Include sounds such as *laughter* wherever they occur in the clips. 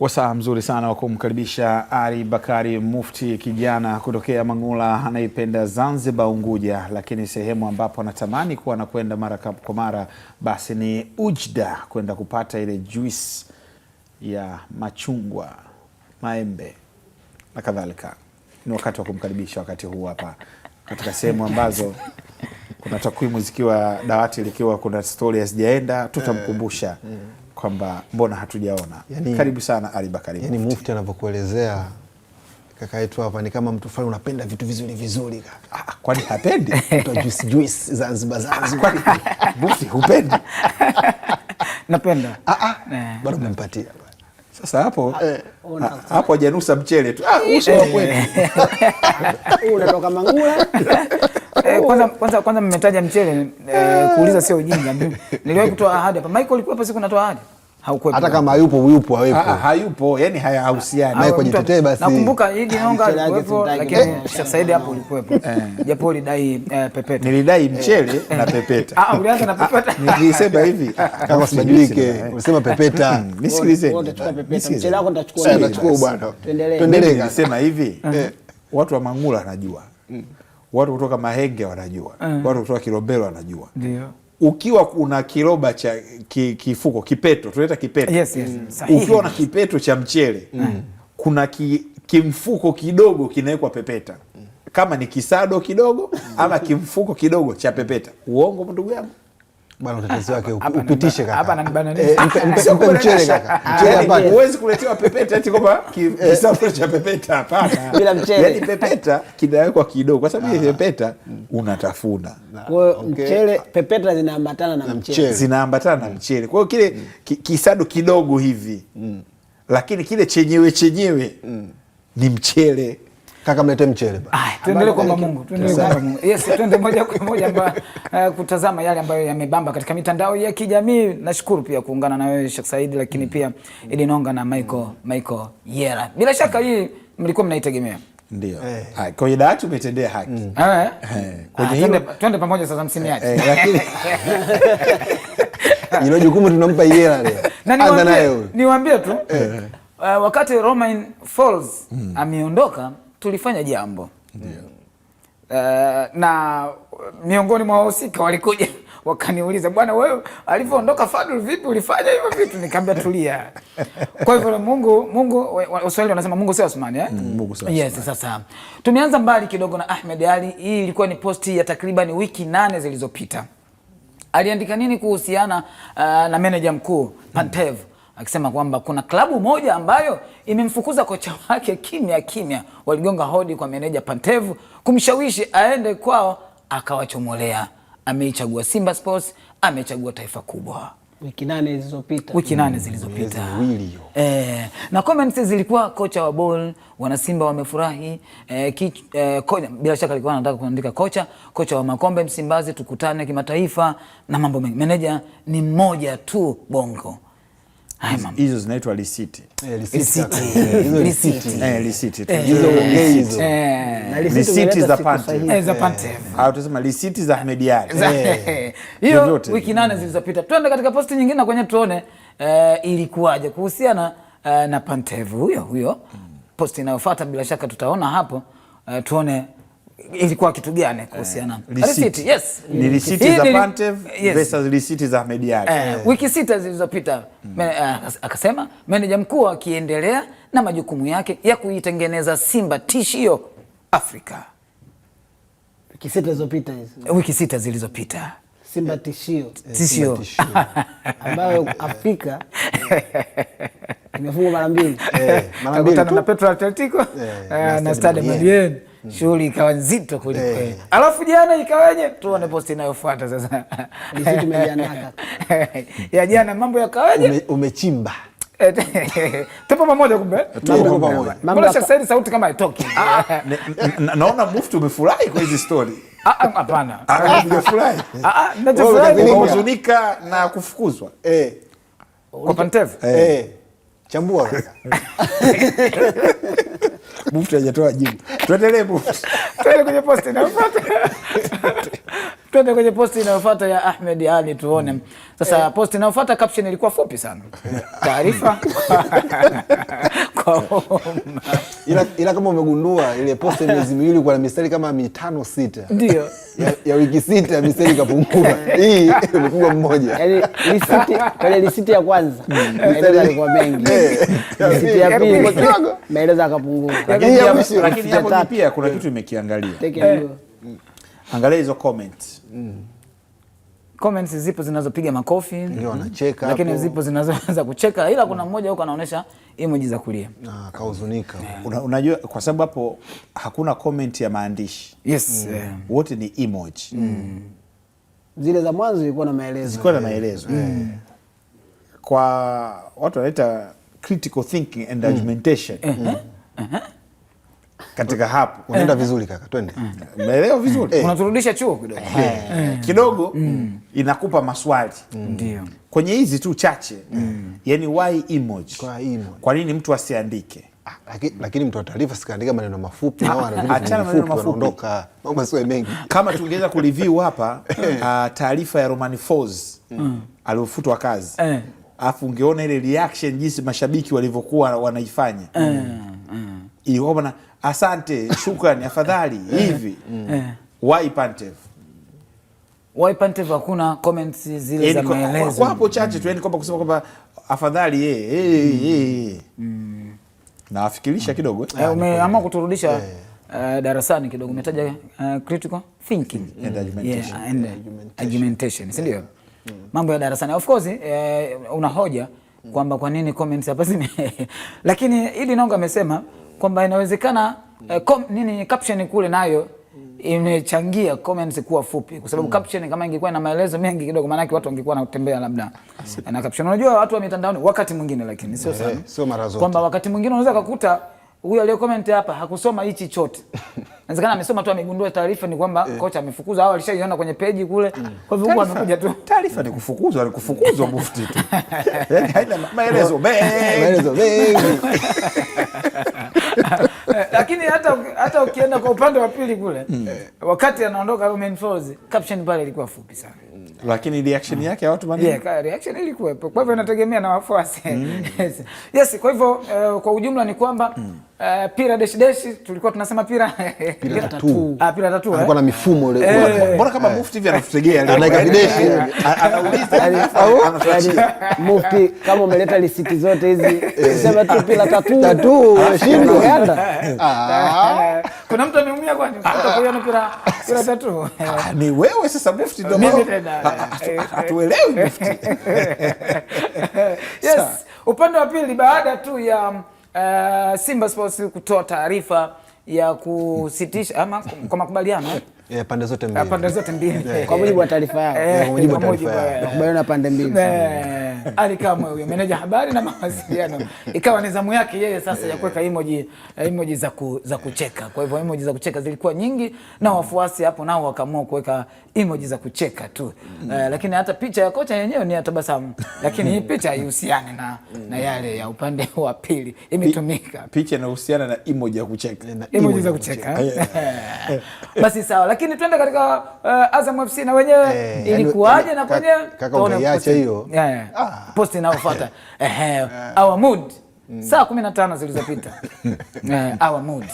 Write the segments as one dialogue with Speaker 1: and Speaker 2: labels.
Speaker 1: Wasaa mzuri sana wa kumkaribisha Ali Bakari Mufti, kijana kutokea Mang'ula anaipenda Zanzibar, Unguja, lakini sehemu ambapo anatamani kuwa anakwenda mara kwa mara basi ni Ujda, kwenda kupata ile juisi ya machungwa, maembe na kadhalika. Ni wakati wa kumkaribisha wakati huu hapa katika sehemu ambazo kuna takwimu zikiwa dawati likiwa kuna stori hazijaenda, tutamkumbusha mm kwamba mbona hatujaona yani, karibu sana Ali Bakari
Speaker 2: yani, mufti anavyokuelezea kaka yetu hapa ni kama mtu fulani unapenda vitu vizuri vizuri. Ah, ah, kwani hapendi? *laughs* juice juice Zanzibar Zanzibar, mufti hupendi?
Speaker 1: *laughs* Napenda.
Speaker 2: Ah ah, eh. bado mmempatia sasa hapo ah, eh, oh, hapo janusa mchele tu uso wa eh. kweli
Speaker 3: *laughs* unatoka Mangula. Kwanza kwanza kwanza mmetaja mchele, kuuliza sio ujinga. Niliwahi kutoa ahadi hapa, Michael alikuwa hapa siku natoa ahadi
Speaker 2: hata kama hayupo yupo hawepo, ah, ah,
Speaker 1: hayupo yani hayahusiani naye tetee Basi
Speaker 3: nakumbuka hili nonga ah, alikuwepo, lakini Sheikh Said hapo ulikuwepo, eh. japo ulidai eh, pepeta.
Speaker 2: Nilidai eh. mchele na pepeta.
Speaker 3: Ah, ulianza na pepeta.
Speaker 2: Nilisema hivi kama sibadilike, unasema pepeta. Nisikilize,
Speaker 3: wote chukua pepeta, mchele wako nitachukua
Speaker 2: mimi. Nachukua bwana, tuendelee. Nilisema hivi, watu wa Mangula wanajua, mm. watu kutoka Mahenge wanajua, mm. watu kutoka Kilombero wanajua, ndio ukiwa una kiroba cha ki, kifuko kipeto tunaita kipeto yes, yes. Mm. ukiwa na kipeto cha mchele mm. mm. kuna ki, kimfuko kidogo kinawekwa pepeta mm. kama ni kisado kidogo mm. ama kimfuko kidogo cha pepeta. Uongo ndugu yangu? Bwana utetezi wake upitishe kaka. Eh, ah, kuletewa pepeta eti kwamba *laughs* kisafu eh, cha pepeta hapana. *laughs* pepeta kinawekwa kidogo kwa sababu ah. ile pepeta unatafuna.
Speaker 3: Kwa hiyo pepeta zinaambatana na mchele.
Speaker 2: Zinaambatana na mm. mchele. Kwa hiyo kile mm. kisado kidogo hivi. Mm. Lakini kile chenyewe chenyewe ni mchele. Kaka mlete mchele.
Speaker 3: Tuendelee kwa Mungu, tuendelee kwa Mungu. Yes, tuende moja kwa moja ba, *laughs* eh, kutazama yale ambayo yamebamba katika mitandao ya kijamii. Nashukuru pia kuungana na wewe Sheikh Said, lakini mm. pia Edinonga na Michael Michael Yera. Bila shaka hii mlikuwa mnaitegemea.
Speaker 2: Ndio. Eh. Hai, kwa hiyo tumetendea haki. Mm. Eh. eh
Speaker 3: ah, kwenye hilo twende pamoja sasa msiniache. Lakini
Speaker 2: *laughs* hilo jukumu tunampa Yera leo.
Speaker 3: Anza nayo. Niwaambie tu. Uh, Wakati Romain Folz mm. ameondoka tulifanya jambo yeah. Uh, na miongoni mwa wahusika walikuja wakaniuliza, bwana wewe, alivyoondoka Fadul vipi ulifanya hivyo vitu? nikaambia tulia. Kwa hivyo Mungu, Mungu Waswahili wanasema Mungu si Osmani eh? Mm, Mungu Yes, sasa tumeanza mbali kidogo na Ahmed ali Hii ilikuwa ni posti ya takriban wiki nane zilizopita. Aliandika nini kuhusiana uh, na meneja mkuu Pantev? mm akisema kwamba kuna klabu moja ambayo imemfukuza kocha wake kimya kimya. Waligonga hodi kwa meneja Pantevu kumshawishi aende kwao, akawachomolea. Ameichagua Simba Sports, amechagua Taifa Kubwa
Speaker 2: wiki nane zilizopita,
Speaker 3: wiki nane mm, zilizopita e, na comments zilikuwa kocha wa ball, wanasimba wamefurahi e, eh, ki, e, eh, kocha, bila shaka alikuwa anataka kuandika kocha kocha wa makombe Msimbazi, tukutane kimataifa na mambo mengi. Meneja ni mmoja tu Bongo
Speaker 2: hizo zinaitwa risiti. Risiti eh. za Pantef eh, eh, au tusema risiti za Ahmed Ali.
Speaker 3: *laughs* Hiyo wiki nane zilizopita. Twende katika posti nyingine kwenye tuone ilikuwaje kuhusiana na Pantef huyo huyo. Posti inayofuata bila shaka tutaona hapo, tuone ilikuwa kitu gani kuhusiana eh,
Speaker 2: risiti za Pantev versus risiti za Ahmed Ally eh,
Speaker 3: eh. wiki sita zilizopita. Akasema meneja mkuu akiendelea na majukumu yake ya kuitengeneza Simba tishio Afrika. Wiki sita zilizopita
Speaker 2: Simba tishio tishio *laughs* ambayo Afrika imefungwa mara mbili,
Speaker 3: na Petro Atletico na Stade Malien Mm. shughuli ikawa nzito kweli eh. kweli, alafu jana ikawaje? Tuone posti inayofuata sasa
Speaker 2: *laughs*
Speaker 3: ya jana, mambo yakawaje?
Speaker 2: Umechimba
Speaker 3: *laughs* tupo pamoja kumbe, Said eh? sauti kama haitoki. Ah,
Speaker 2: naona mufti umefurahi kwa hizi story.
Speaker 3: Ah, ah, hapana,
Speaker 2: huzunika na kufukuzwa eh.
Speaker 3: kwa Pantev.
Speaker 2: Chambua *laughs* mufti hajatoa jibu. Tuendelee *laughs*
Speaker 3: twende kwenye posti inayofuata, *laughs* twende kwenye posti inayofuata ya Ahmed Ali tuone. Mm. Sasa eh. posti inayofuata caption ilikuwa fupi sana, *laughs* taarifa
Speaker 2: *laughs* ila, ila kama umegundua ile posti miezi miwili kuna mistari kama mitano sita, ndio ya, ya wiki sita mistari ikapungua. *laughs* Eh. Hii imepigwa mmoja,
Speaker 3: yani, risiti pale, yaani risiti ya kwanza mm. mistari ilikuwa mengi, risiti eh. yaani, yaani, ya pili maelezo akapungua.
Speaker 2: Lakini hapo pia kuna kitu imekiangalia, angalia hizo comment mm
Speaker 3: comments zipo zinazopiga makofi
Speaker 2: ndio anacheka
Speaker 3: lakini hapo. Zipo zinazoanza kucheka ila kuna mmoja huko anaonyesha emoji za kulia
Speaker 2: ah, kahuzunika yeah. Una, unajua kwa sababu hapo hakuna comment ya maandishi
Speaker 3: yes mm. yeah.
Speaker 2: Wote ni emoji mm. mm.
Speaker 3: Zile za mwanzo zilikuwa na maelezo
Speaker 2: zilikuwa na eh. maelezo yeah. Mm. Yeah. Kwa watu wanaita critical thinking and mm. argumentation eh. mm. mm. uh eh. -huh. uh -huh katika hapo unaenda eh. vizuri kaka, twende eh.
Speaker 3: umeelewa vizuri eh. Unaturudisha chuo kidogo eh,
Speaker 2: eh. kidogo mm. Inakupa maswali mm. ndio mm. Kwenye hizi tu chache mm. Yani why emoji? Kwa emoji, kwa nini mtu asiandike? Ah, lakini lakini mtu wa taarifa sikaandika maneno mafupi au ah, anachana maneno mafupi anaondoka, mambo sio mengi. Kama tungeweza kureview hapa *laughs* ah, taarifa ya Romain Folz mm. aliyofutwa kazi eh. Afu ungeona ile reaction jinsi mashabiki walivyokuwa wanaifanya mm. mm. ilikuwa asante, shukrani, afadhali *laughs* eh. hivi eh. why Pantev
Speaker 3: why Pantev, hakuna comments zile yaani za maelezo
Speaker 2: kwa hapo chache tu, yani kwamba kusema kwamba afadhali Na mm. mm. naafikirisha kidogo,
Speaker 3: eh, umeamua ah, kuturudisha darasani kidogo umetaja critical thinking mm,
Speaker 2: and argumentation,
Speaker 3: and, argumentation, si ndio? Mambo ya darasani of course, una hoja kwamba kwa nini comments hapa zime *laughs* lakini Idi Nongo amesema kwamba inawezekana eh, kom, nini caption kule nayo imechangia comments kuwa fupi kwa sababu mm. caption kama ingekuwa na maelezo mengi kidogo, maana yake watu wangekuwa wanatembea labda eh, na caption. Unajua watu wa mitandaoni wakati mwingine, lakini sio sana, sio mara zote, kwamba wakati mwingine unaweza kukuta huyo aliyo comment hapa hakusoma hichi chote. *laughs* Inawezekana amesoma tu, amegundua taarifa ni kwamba yeah. kocha amefukuzwa au alishaiona kwenye peji kule. Mm. Kwa hivyo huko amekuja tu.
Speaker 2: Taarifa ni kufukuzwa, ni kufukuzwa mufti tu. Yaani *laughs* haina maelezo mengi. Maelezo mengi. *laughs*
Speaker 3: Lakini hata hata ukienda kwa upande wa pili kule mm. Eh, wakati anaondoka main Folz, caption pale ilikuwa fupi sana.
Speaker 2: Mm. Lakini reaction yake ya watu manini?
Speaker 3: Yeah, kwa reaction ilikuwepo. Kwa hivyo inategemea na wafuasi. Mm. yes. yes, kwa hivyo uh, kwa ujumla ni kwamba mm. Eh, pira deshi deshi tulikuwa tunasema pira
Speaker 2: pira tatu ah, pira tatu alikuwa na eh? mifumo ile eh. bora kama mufti hivi anafutegea ile anaika videshi anauliza yaani,
Speaker 3: yaani, yaani, mufti, kama umeleta lisiti zote hizi sema tu pira tatu
Speaker 2: tatu shindo ganda.
Speaker 3: Ah. Kuna mtu ameumia kwani utakuwa na pira pira tatu?
Speaker 2: Ah, ni wewe sasa mufti, ndio mimi ah, atuelewi mufti.
Speaker 3: *laughs* Yes, upande wa pili baada tu ya uh, Simba Sports kutoa taarifa ya kusitisha ama kwa makubaliano yeah,
Speaker 2: *laughs* eh, pande zote ah, mbili,
Speaker 3: pande zote mbili
Speaker 2: eh. kwa mujibu wa taarifa yao, kwa mujibu wa taarifa yao, makubaliano ya pande mbili
Speaker 3: ali Kamwe huyo meneja habari na mawasiliano, ikawa ni zamu yake yeye sasa ya kuweka emoji, eh, emoji za, ku, za kucheka. Kwa hivyo emoji za kucheka zilikuwa nyingi na wafuasi hapo nao wakaamua kuweka emoji za kucheka tu mm. Uh, lakini hata picha ya kocha yenyewe ni ya tabasamu, lakini hii picha haihusiani na, na mm. yale ya upande *laughs* wa pili imetumika
Speaker 2: picha inahusiana na emoji ya kucheka,
Speaker 3: na emoji za kucheka. *laughs* Basi sawa, lakini twende katika uh, Azam FC na wenyewe eh, ilikuwaje na kwenye
Speaker 2: kaka, unaiacha hiyo
Speaker 3: Ah, *laughs* posti inayofuata *laughs* ehe, eh. our mood mm. saa kumi na tano zilizopita *laughs* eh, our mood.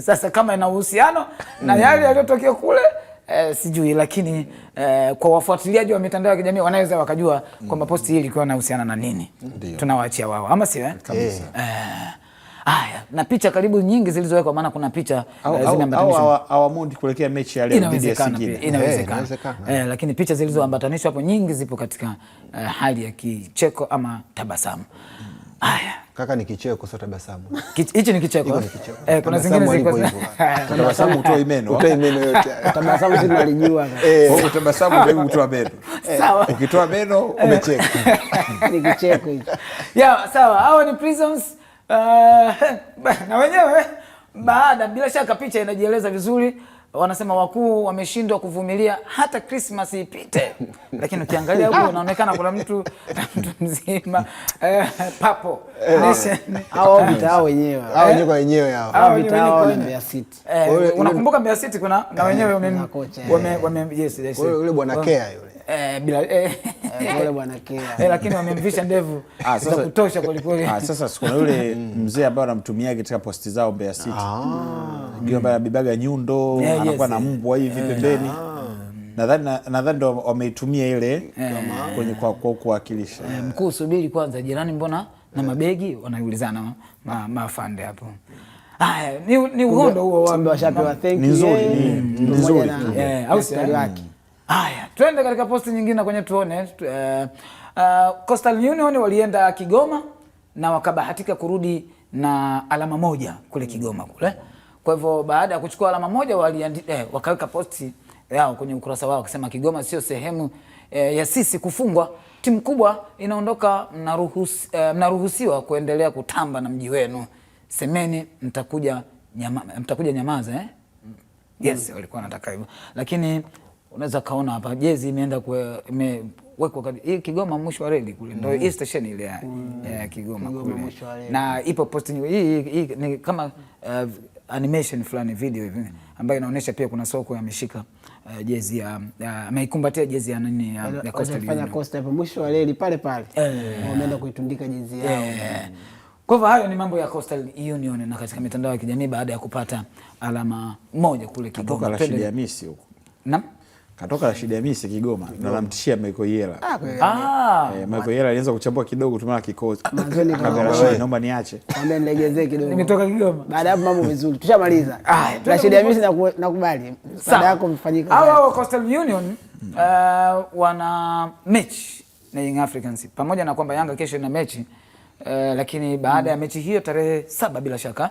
Speaker 3: Sasa kama ina uhusiano na mm. yale yaliyotokea kule eh, sijui, lakini eh, kwa wafuatiliaji wa mitandao ya kijamii wanaweza wakajua kwamba mm. posti hii ilikuwa inahusiana na nini. Tunawaachia wao, ama sio eh? Kabisa. Eh. Haya, na picha karibu nyingi zilizowekwa, maana kuna picha
Speaker 2: eh, hawamundi kuelekea mechi ya
Speaker 3: leo, dhidi ya
Speaker 2: inawezekana,
Speaker 3: eh, lakini picha zilizoambatanishwa hapo nyingi zipo katika eh, hali ya kicheko ama tabasamu. Hmm.
Speaker 2: Haya kaka, ni kicheko sio tabasamu.
Speaker 3: Hichi ni kicheko. Eh, kuna zingine ziko
Speaker 2: *laughs* tabasamu, utoe meno,
Speaker 3: utoe meno yote.
Speaker 2: *laughs* Tabasamu si nalijua. *laughs* Eh, tabasamu ndio utoa meno. Eh, sawa, ukitoa meno umecheka,
Speaker 3: ni kicheko hicho. Yeah, sawa. Hao ni Prisons Eh, *laughs* na wenyewe baada, bila shaka picha inajieleza vizuri. Wanasema wakuu wameshindwa kuvumilia hata Christmas ipite, *laughs* lakini ukiangalia huko unaonekana kuna mtu mtu mzima eh, papo eh,
Speaker 2: eh? wenyewe kwa wenyewe hao.
Speaker 3: Unakumbuka Mbeya City kuna na wenyewe wame, wame, yes,
Speaker 2: yes, yule bwana Kea yule eh, bila eh
Speaker 3: yule bwana Kea. Eh, lakini wamemvisha ndevu ah, za kutosha kweli kweli.
Speaker 2: Ah, sasa kuna yule *laughs* mm. mzee ambaye anamtumia katika posti zao Mbeya City. Ah. Ndio ambaye mm. anabibaga nyundo, anakuwa na mbwa hivi eh, pembeni. Ah. Nadhani nadhani ndo wameitumia ile eh. kwenye kwa kwa kuwakilisha.
Speaker 3: Eh, mkuu, subiri kwanza, jirani mbona na mabegi wanaulizana ma, mafande hapo. Ah, ni uhondo
Speaker 2: huo wa Shapi wa thank you. Ni nzuri, ni nzuri.
Speaker 3: Eh, au stari wake. Haya, twende katika posti nyingine kwenye tuone. Uh, uh, Coastal Union walienda Kigoma na wakabahatika kurudi na alama moja kule Kigoma kule. Kwa hivyo baada ya kuchukua alama moja wali, eh, wakaweka posti yao kwenye ukurasa wao wakisema Kigoma sio sehemu eh, ya sisi kufungwa. Timu kubwa inaondoka, mnaruhusi, eh, mnaruhusiwa kuendelea kutamba na mji wenu. Semeni mtakuja nyama, mtakuja nyamaza eh? Yes, walikuwa wanataka hivyo. Lakini unaweza kaona hapa jezi imeenda kati hii Kigoma mwisho wa reli kule, ndio hii mm. station ile ya mm. Kigoma kule, na ipo post hii hii ni kama uh, animation fulani video hivi ambayo inaonyesha pia kuna soko ameshika uh, jezi ya ameikumbatia jezi ya nani ya, ya Coastal Union
Speaker 2: Coastal hapo mwisho wa reli pale pale eh. wameenda kuitundika jezi yao. Eh.
Speaker 3: Kwa hivyo hayo ni mambo ya Coastal Union na katika mitandao ya kijamii baada ya kupata alama moja kule Kigoma.
Speaker 2: Kutoka Rashid Hamisi huko. Naam. Katoka Rashid Hamisi Kigoma na namtishia Michael Yela. Ah, ah. eh, Michael alianza kuchambua kidogo tumana kikozi. Ah, naomba niache.
Speaker 3: Naomba nilegezee kidogo. Nimetoka Kigoma.
Speaker 2: Baada hapo mambo mazuri. Tushamaliza.
Speaker 3: Ah, shida ya Hamisi nakubali. Baada yako mfanyika. Hao wa Coastal Union uh, wana mechi na Young Africans. Pamoja na kwamba Yanga kesho ina mechi uh, lakini baada ya mechi hiyo tarehe saba bila shaka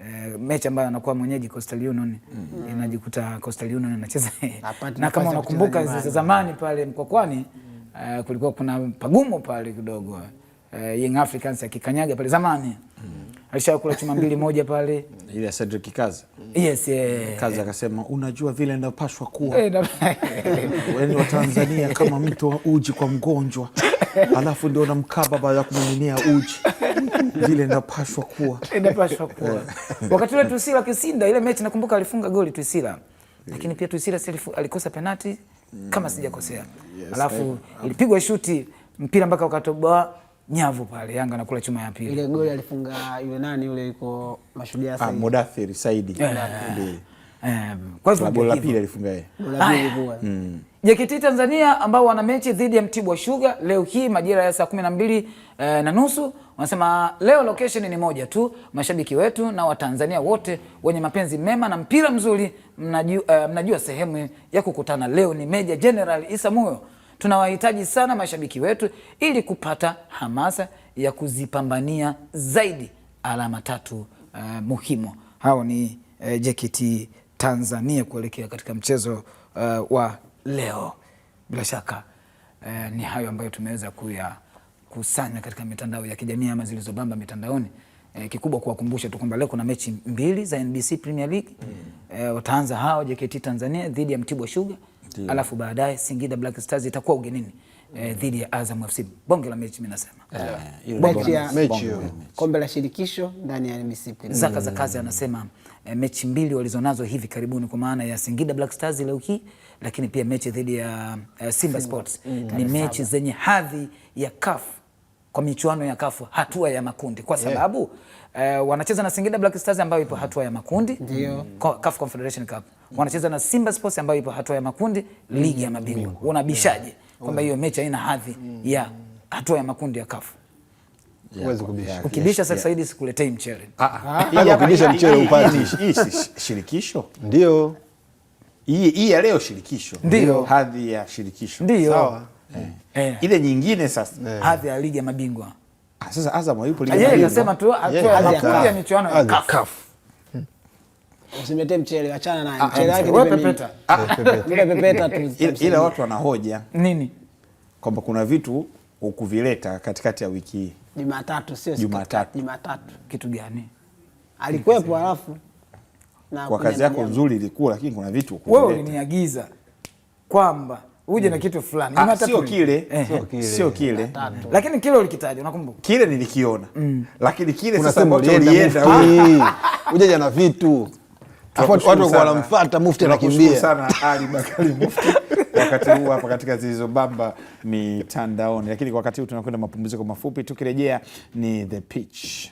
Speaker 3: Uh, mechi ambayo anakuwa mwenyeji Coastal Union mm. Mm-hmm. inajikuta Coastal Union anacheza na kama unakumbuka za zamani pale Mkwakwani mm. Mm-hmm. uh, eh, kulikuwa kuna pagumu pale kidogo uh, Young Africans akikanyaga pale zamani mm. Mm-hmm. alishakula chuma mbili moja pale
Speaker 2: *laughs* ile ya Cedric Kaza
Speaker 3: yes, yeah.
Speaker 2: Kaza akasema unajua vile ndapashwa kuwa wewe *laughs* yaani wa Tanzania kama mtu wa uji kwa mgonjwa *laughs* alafu ndio namkaa baada ya kumiminia uji vile *laughs* inapashwa kuwa
Speaker 3: inapashwa kuwa. Eh. Wakati ule Tuisila Kisinda, ile mechi nakumbuka alifunga goli Tuisila, eh. lakini pia Tuisila alikosa penati mm. kama sijakosea, alafu eh. ilipigwa shuti mpira mpaka ukatoboa nyavu pale, Yanga nakula chuma ya pili.
Speaker 2: Ile goli alifunga yule nani yule, iko mashuhudia ah, Saidi, Mudathir Saidi. Kwa hivyo goli la pili alifunga ah. yeye.
Speaker 3: Mm. JKT Tanzania ambao wana mechi dhidi ya Mtibwa Sugar leo hii majira ya saa kumi na mbili e, na nusu. Wanasema leo location ni moja tu, mashabiki wetu na Watanzania wote wenye mapenzi mema na mpira mzuri mnajua, uh, eh, mnajua sehemu ya kukutana leo ni Meja General Isamuyo. Tunawahitaji sana mashabiki wetu ili kupata hamasa ya kuzipambania zaidi alama tatu uh, muhimu. Hao ni uh, JKT Tanzania kuelekea katika mchezo uh, wa leo. Bila shaka eh, ni hayo ambayo tumeweza kuyakusanya katika mitandao ya kijamii ama zilizobamba mitandaoni. Eh, kikubwa kuwakumbusha tu kwamba leo kuna mechi mbili za NBC Premier League mm. Eh, wataanza hao JKT Tanzania dhidi ya Mtibwa Sugar Dio. Alafu baadaye Singida Black Stars itakuwa ugenini eh, dhidi ya Azam FC. Bonge la mechi mimi nasema
Speaker 2: yeah. yeah. mechi ya kombe la shirikisho ndani ya NBC Premier League.
Speaker 3: Zaka za kazi anasema eh, mechi mbili walizonazo hivi karibuni kwa maana ya Singida Black Stars leo hii, lakini pia mechi dhidi ya uh, Simba Sports mm, ni mechi zenye hadhi ya CAF kwa michuano ya CAF hatua ya makundi kwa sababu yeah. uh, wanacheza na Singida Black Stars ambayo ipo hatua ya makundi mm. CAF Confederation Cup wanacheza na Simba Sports ambayo ipo hatua ya makundi ligi ya mabingwa. Unabishaje kwamba mm. hiyo mechi haina hadhi mm. ya hatua ya makundi ya CAF? huwezi kubisha. Ukibisha sasa hivi sikuletei mchele. Ah, ah.
Speaker 2: Ah. Yaani yaani ukibisha yaani mchele upati. Hii *laughs* shirikisho ndio hii ya leo, shirikisho ndio hadhi ya shirikisho
Speaker 3: ndio sawa. Eh.
Speaker 2: Eh. Ile nyingine sasa
Speaker 3: eh. hadhi ya ligi ya mabingwa.
Speaker 2: Sasa Azam yupo
Speaker 3: ligi ya mabingwa, nasema tu hadhi ya michuano ya CAF. Usimlete mchele, achana naye mchele wake ni pepeta, ile pepeta tu.
Speaker 2: Ila watu wanahoja nini? Kwamba kuna vitu ukuvileta katikati ya wiki hii Jumatatu sio Jumatatu.
Speaker 3: Jumatatu. Kitu gani? Alikuwepo halafu.
Speaker 2: Na kwa kazi yako nzuri ilikuwa lakini kuna vitu
Speaker 3: wewe uliniagiza kwamba uje na hmm. kitu fulani.
Speaker 2: Ah, eh. Sio kile,
Speaker 3: sio kile. Sio kile. Lakini kile ulikitaja unakumbuka?
Speaker 2: Kile nilikiona. Mm. Lakini kile sasa ulienda *laughs* uje na vitu watu wanamfata mufti anakimbia sana. Ali Bakari Mufti wakati huu hapa katika Zilizobamba Mitandaoni, lakini kwa wakati huu tunakwenda mapumziko mafupi, tukirejea ni the pitch.